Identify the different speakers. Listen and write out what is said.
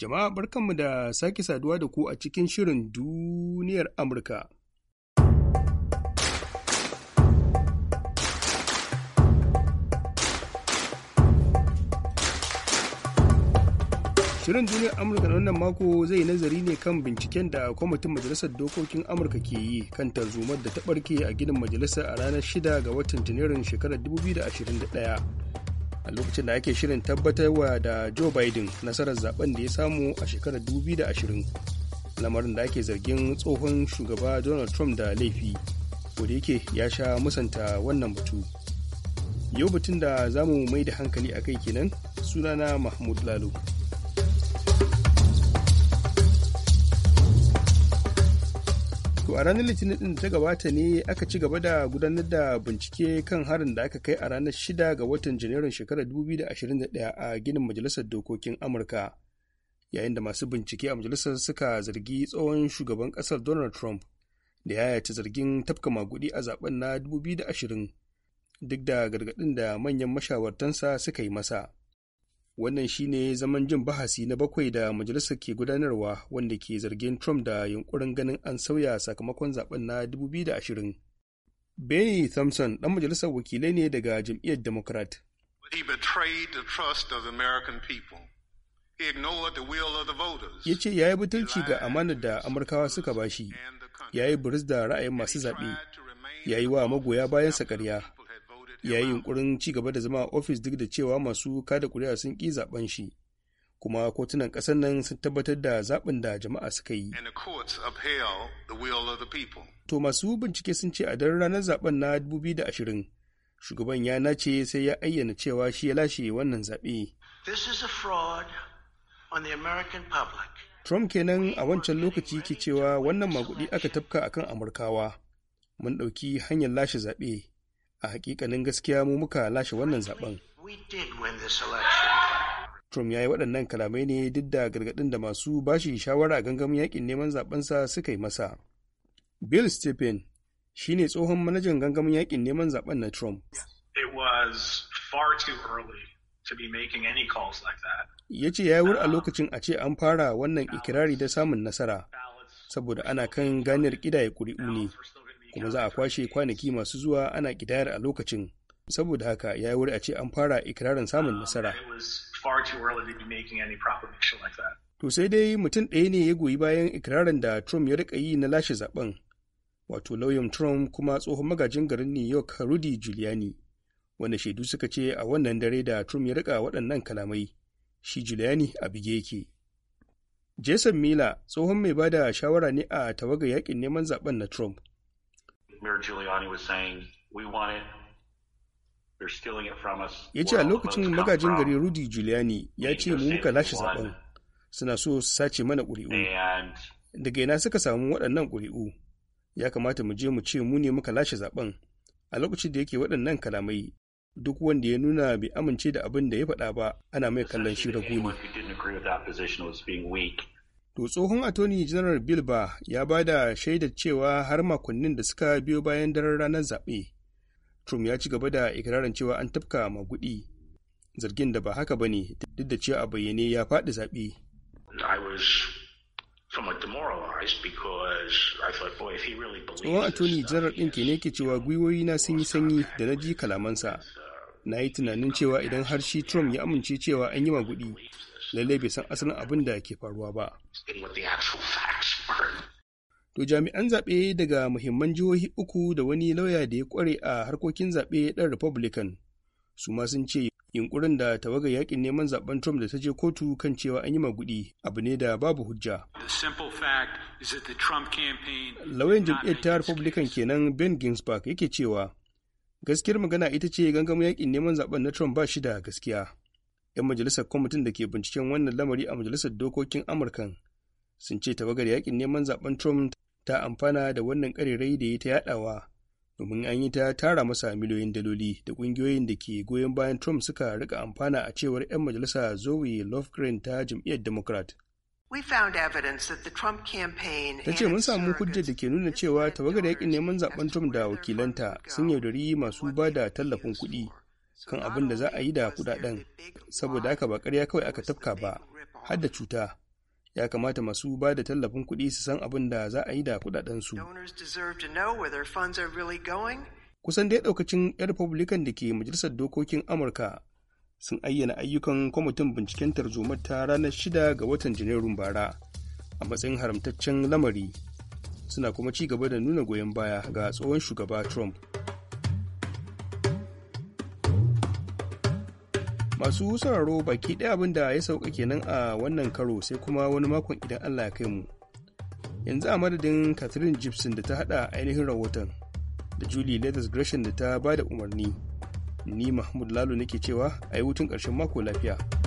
Speaker 1: Jama'a barkanmu da sake saduwa da ku a cikin shirin duniyar Amurka. Shirin duniyar Amurka na wannan mako zai nazari ne kan binciken da kwamitin Majalisar Dokokin Amurka ke yi kan tarzomar da ta ɓarke a gidan majalisa a ranar 6 ga watan Janairun shekarar 2021. a lokacin da ake shirin tabbatarwa da joe biden nasarar zaben da ya samu a shekarar ashirin, lamarin da ake zargin tsohon shugaba donald trump da laifi da yake ya sha musanta wannan batu yau batun da za mu mai da hankali a kai kenan sunana mahmud lalo To a ranar Litinin din ta gabata ne aka ci gaba da gudanar da bincike kan harin da aka kai a ranar 6 ga watan Janairun shekarar 2021 a ginin Majalisar Dokokin Amurka. Yayin da masu bincike a majalisar suka zargi tsohon shugaban kasar Donald Trump da ya yata zargin tafka magudi a zaben na 2020 duk da gargadin da manyan mashawartansa suka yi masa. wannan shine zaman jin bahasi na bakwai da majalisar ke gudanarwa wanda ke zargin trump da yunkurin ganin an sauya sakamakon zaben na 2020 benny thompson dan majalisar wakilai ne daga jam'iyyar democrat ya ce ya yi butulci ga amanar da amurkawa suka bashi ya yi buris da ra'ayin masu zaɓe ya yi wa magoya bayansa ƙarya ya yi yunkurin ci gaba da zama a ofis duk da cewa masu kada kuri'a sun ƙi zaben shi kuma kotunan ƙasar nan sun tabbatar da zaɓin da jama'a suka yi. To masu bincike sun ce a daren ranar zaben na 2020 shugaban ya nace sai ya ayyana cewa shi ya lashe wannan zaɓe. Trump kenan a wancan lokaci ke cewa wannan maguɗi aka tafka akan Amurkawa. Mun ɗauki hanyar lashe zaɓe. a hakikanin gaskiya mu muka lashe wannan zaben Trump ya yi waɗannan kalamai ne duk da gargaɗin da masu bashi shawara a gangamin yakin neman zabensa suka yi masa. Bill Stephen shi ne tsohon manajan gangamin yakin neman zaben na Trump. Ya ce ya yi wuri a lokacin a ce an fara wannan ikirari da samun nasara, saboda ana kan ganiyar ƙidaye ƙuri'u ne. kuma za a kwashe kwanaki masu zuwa ana kidayar a lokacin saboda haka ya yi wuri a ce an fara ikirarin samun um, nasara to sai dai mutum ɗaya ne ya goyi bayan ikirarin da trump ya rika yi na lashe zaben wato lauyan trump kuma tsohon magajin garin new york rudy giuliani wanda shaidu suka ce a wannan dare da trump ya rika waɗannan kalamai shi giuliani a bige yake jason miller tsohon mai bada shawara ne a tawagar yakin neman zaben na trump Mayor Giuliani was saying, we want it. They're stealing it from us. Ya ce a lokacin magajin gari Rudy Giuliani ya ce mu muka lashe zaben suna so su sace mana ƙuri'u. Daga ina suka samu waɗannan ƙuri'u ya kamata mu je mu ce mu ne muka lashe zaɓen, a lokacin da yake waɗannan kalamai duk wanda ya nuna bai amince da abin da ya faɗa ba ana mai kallon shi ragu ne. To tsohon atoni General bilba ya ba da shaidar cewa har makonnin da suka biyo bayan daren ranar zaɓe. Trump ya ci gaba da ikirarin cewa an tafka magudi zargin da ba haka ba ne duk da cewa a bayyane ya faɗi zaɓe. Tsohon atoni General ɗin ke ne ke cewa gwiwoyi na sun yi sanyi da na ji kalamansa na yi tunanin cewa idan har shi trump ya amince cewa an yi magudi lallai bai san asalin abin da ke faruwa ba to jami'an zaɓe daga muhimman jihohi uku da wani lauya da ya kware a harkokin zaɓe ɗan republican su ma sun ce yunkurin da tawaga yakin neman zaben Trump da ta je kotu kan cewa an yi magudi abu ne da babu hujja. Lauyan jam'iyyar ta Republican kenan Ben Ginsburg yake cewa gaskiyar magana ita ce gangamin yakin neman zaben na Trump ba shi da gaskiya. 'Yan majalisar kwamitin da ke binciken wannan lamari a majalisar dokokin Amurkan sun ce tawagar yakin neman zaben Trump ta amfana da wannan karerai da ya ta yadawa domin an yi ta tara masa miliyoyin daloli da kungiyoyin da ke goyon bayan Trump suka rika amfana a cewar 'yan majalisa Zoe Lofgren ta jam'iyyar Democrat. ta ce mun samu hujjar da ke nuna cewa tawagar yakin neman zaɓen trump da wakilanta sun yaudari masu ba da tallafin kuɗi kan abin da za a yi da kuɗaɗen saboda haka ba ƙarya kawai aka tafka ba har da cuta ya kamata masu ba da tallafin kuɗi su san abin da za a yi da kuɗaɗensu. kusan dai ɗaukacin 'yan republican da ke majalisar dokokin amurka sun ayyana ayyukan kwamitin binciken tarzomar ta ranar shida ga watan janairun bara a matsayin haramtaccen lamari suna kuma ci gaba da nuna goyon baya ga tsohon shugaba trump masu sauraro baki ɗaya abin da ya sauka kenan a wannan karo sai kuma wani makon idan allah ya kai mu yanzu a madadin catherine gibson da ta hada ainihin rahoton da julie leathers gresham da ta ba da umarni Ni Mahmud Lalo nake cewa a yi hutun ƙarshen mako lafiya.